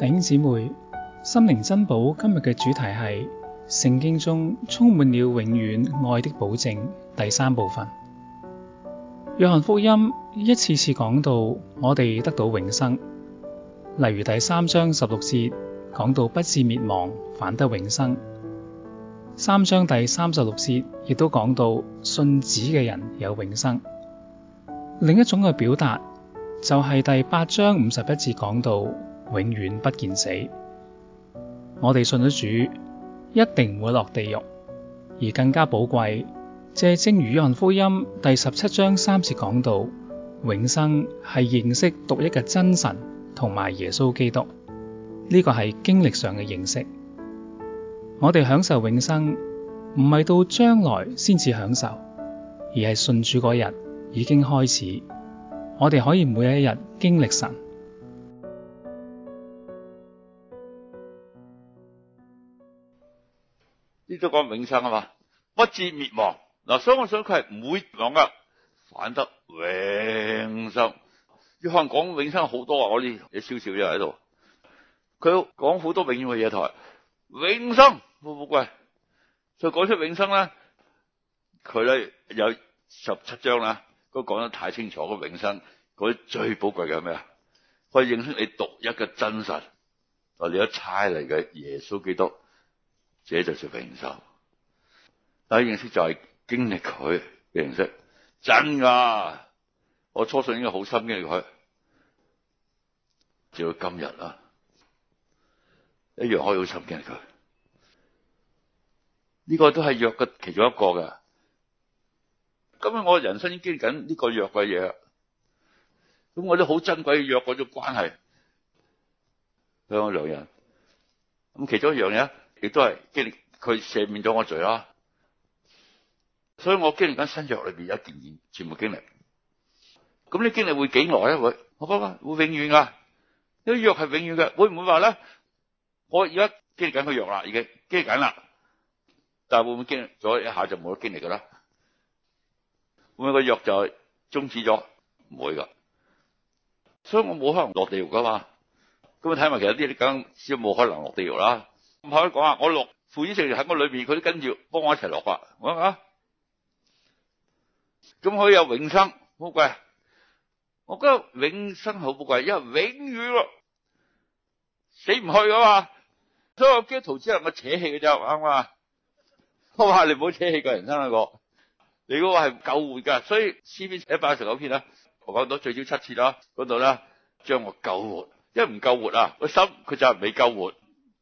弟兄姊妹，心靈珍寶今日嘅主題係《聖經》中充滿了永遠愛的保證。第三部分，約翰福音一次次講到我哋得到永生，例如第三章十六節講到不至滅亡，反得永生。三章第三十六節亦都講到信子嘅人有永生。另一種嘅表達就係第八章五十一節講到。永遠不見死，我哋信咗主，一定唔會落地獄。而更加寶貴，借約翰福音第十七章三節講到，永生係認識獨一嘅真神同埋耶穌基督。呢個係經歷上嘅認識。我哋享受永生，唔係到將來先至享受，而係信主嗰日已經開始。我哋可以每一日經歷神。呢都講永生啊嘛，不至滅亡嗱，所以我想佢係唔會亡噶，反得永生。約翰講永生好多啊，我呢啲有少少嘢喺度。佢講好多永遠嘅嘢台，永生寶貴。所以講出永生咧，佢咧有十七章啦，都講得太清楚。永生嗰啲最寶貴嘅係咩啊？佢認識你獨一嘅真神，我哋一差嚟嘅耶穌基督。這就屬平手，但一認識，就係經歷佢嘅認識，真噶，我初信應該好深經歷佢，直到今日啊，一樣可以好深經歷佢，呢、這個都係約嘅其中一個嘅，咁樣我人生已經歷緊呢個約嘅嘢，咁我都好珍貴約嗰種關係，香港兩人，咁其中一樣嘢。亦都係經歷佢赦免咗我罪啦，所以我經歷緊新約裏邊一件件全部經歷。咁你經歷會幾耐咧？會我講啊，會永遠噶，呢約係永遠㗎，會唔會話咧？我而家經歷緊個約啦，已經經歷緊啦，但係會唔會經歷咗一下就冇咗經歷噶啦？會唔會個約就終止咗？唔會噶。所以我冇可能落地獄噶嘛。咁我睇埋其他啲，你梗先冇可能落地獄啦。唔可以講啊！我落副醫生喺我裏邊，佢都跟住幫我一齊落法。我啊，咁可以有永生，寶貴。我覺得永生好寶貴，因為永遠咯，死唔去啊嘛。所以我叫投資者唔好扯氣嘅啫，啱嘛？我話你唔好扯氣噶，人生嗰個，你嗰個係救活噶。所以詩篇寫八十九篇啦，我講到最少七次啦，嗰度咧將我救活，因為唔救活啊，個心佢就係未救活。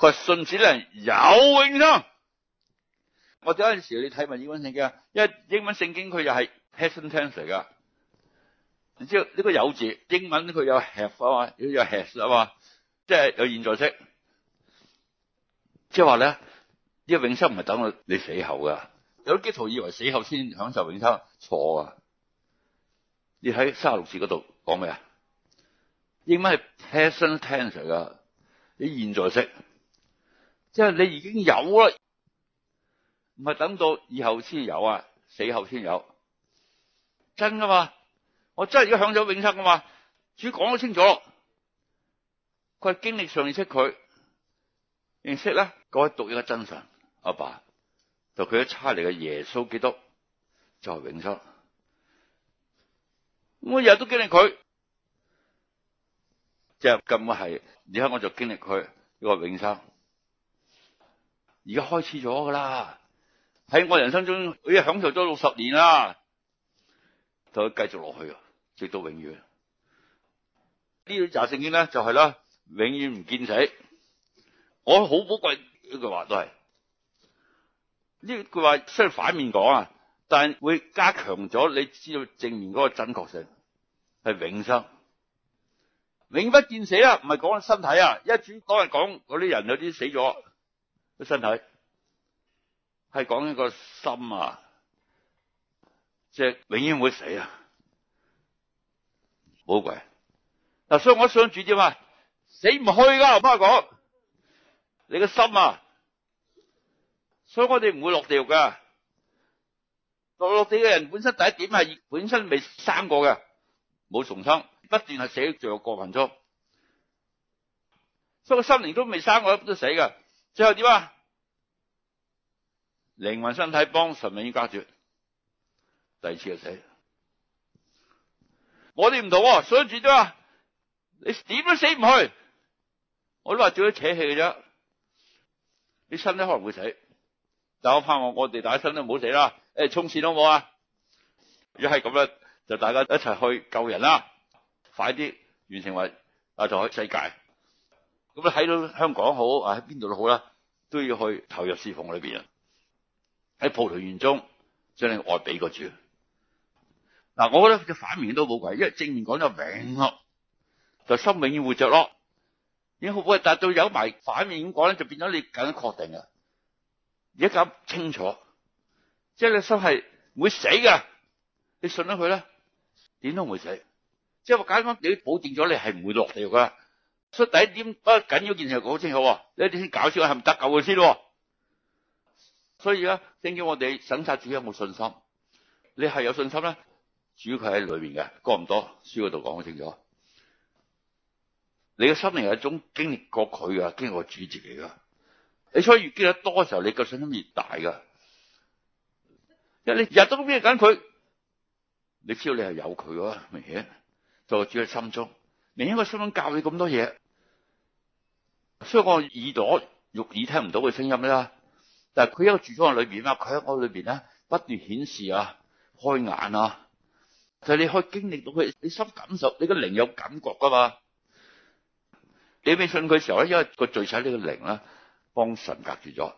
佢信子咧有永生。我哋嗰陣時你睇埋英文聖經，因為英文聖經佢又係 present tense 嚟噶。你知道呢個有字，英文佢有 have 啊嘛，有 has 啊嘛，即係有現在式。即係話咧，呢個永生唔係等到你死後噶。有基督徒以為死後先享受永生，錯啊！你喺三十六節嗰度講咩啊？英文係 present tense 噶，你現在式。即係你已經有啦，唔係等到以後先有啊，死後先有，真噶嘛？我真係而家享咗永生噶嘛？主講得清楚，佢係經歷上認識佢，認識咧嗰位獨一個真神阿爸、爸，就佢差嚟嘅耶穌基督就係、是、永生，我日日都經歷佢，即係咁。根本係而家我就經歷佢呢個永生。而家開始咗㗎喇，喺我人生中，佢已經享受咗六十年啦，就去繼續落去，直到永遠。呢句聖經咧就係啦，永遠唔見死。我好寶貴呢句話都係，呢句話雖然反面講啊，但係會加強咗你知道正面嗰個真確性係永生，永不見死啊！唔係講緊身體啊，一主當日講嗰啲人有啲死咗。個身體係講緊個心啊，即係永遠會死啊，冇鬼。嗱，所以我都想住啲嘛，死唔去噶。我唔好講，你個心啊，所以我哋唔會落地獄噶。落落地嘅人本身第一點係本身未生過嘅，冇重生，不斷係死在地獄過頻中。所以心靈都未生過都死噶。最後點啊？靈魂身體幫神明加隔絕，第二次就死。我哋唔同，想住點啊？你點都死唔去，我都話最多扯氣嘅啫。你身體可能會死，但我怕我我哋大家身都唔、欸、好死啦。誒，衝線好唔好啊？如果係咁樣，就大家一齊去救人啦、啊，快啲完成為啊，同去世界。咁你睇到香港好啊，喺邊度都好啦，都要去投入侍奉裏邊啊。喺葡萄園中將你外俾個住。嗱、啊，我覺得只反面都冇鬼，因為正面講咗命咯，就心永遠活着咯。你可唔可以達到有埋反面咁講咧？就變咗你更加確定啊，而家搞清楚，即係你心係唔會死噶，你信咗佢咧，點都唔會死。即係話簡單你保證咗你係唔會落地獄噶。出第一點不緊、啊、要件事講清楚，一啲先搞笑，係唔得救佢先、啊。所以啊正叫我哋審查主有冇信心。你係有信心咧，主佢喺裏面嘅，個唔多書嗰度講清楚。你嘅心靈係總經歷過佢嘅，經歷過主自己嘅。你所以越經歷得多嘅時候，你個信心越大噶，因為你日日都經歷緊佢，你知道你係有佢嘅，明顯就主喺心中。另一個書本教你咁多嘢，所以我耳朵肉耳聽唔到嘅聲音啦。但係佢一個住咗喺裏邊嘛，佢喺我裏邊咧不斷顯示啊，開眼啊。就係你可以經歷到佢，你心感受，你個靈有感覺噶嘛。你未信佢嘅時候咧，因為罪者個罪在呢個靈啦，幫神隔住咗，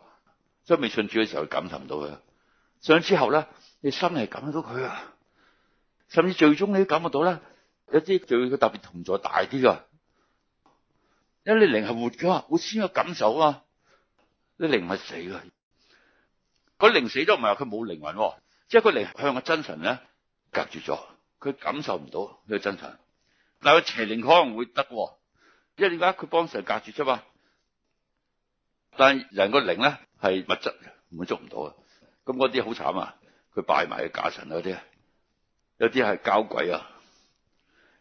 所以未信主嘅時候感受唔到佢。上之後咧，你心係感,感覺到佢啊，甚至最終你都感覺到啦。有啲仲要佢特別同座大啲噶，因為你靈係活噶，會先有感受啊。你靈係死噶，個靈死都唔係話佢冇靈魂，即係佢靈向個真神咧隔住咗，佢感受唔到佢個真神。但佢邪靈可能會得，因為點解佢幫神隔住啫嘛？但係人個靈咧係物質嘅，滿足唔到啊。咁嗰啲好慘啊，佢拜埋個假神嗰啲，有啲係交鬼啊。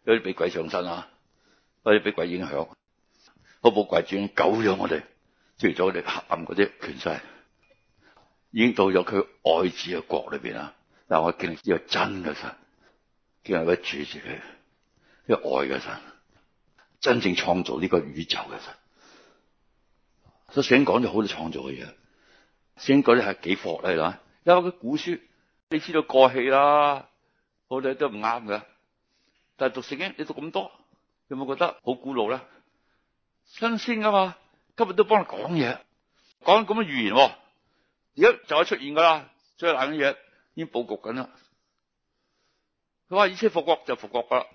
有啲俾鬼上身啦，或者俾鬼影響，好冇鬼轉，救咗我哋，除咗我哋黑暗嗰啲權勢，已經到咗佢愛子嘅國裏邊啦。但我見呢個真嘅神，見係位主住嘅，係、這個、愛嘅神，真正創造呢個宇宙嘅神。所以想講就好多創造嘅嘢，先講啲係幾荒嘅啦，因為佢古書你知道過氣啦，好多都唔啱㗎。但係讀聖經，你讀咁多，有冇覺得好古老咧？新鮮噶嘛，今日都幫你講嘢，講咁嘅預言。而家就係出現噶啦，最冷嘅嘢已經布局緊啦。佢話以色列復國就復國噶啦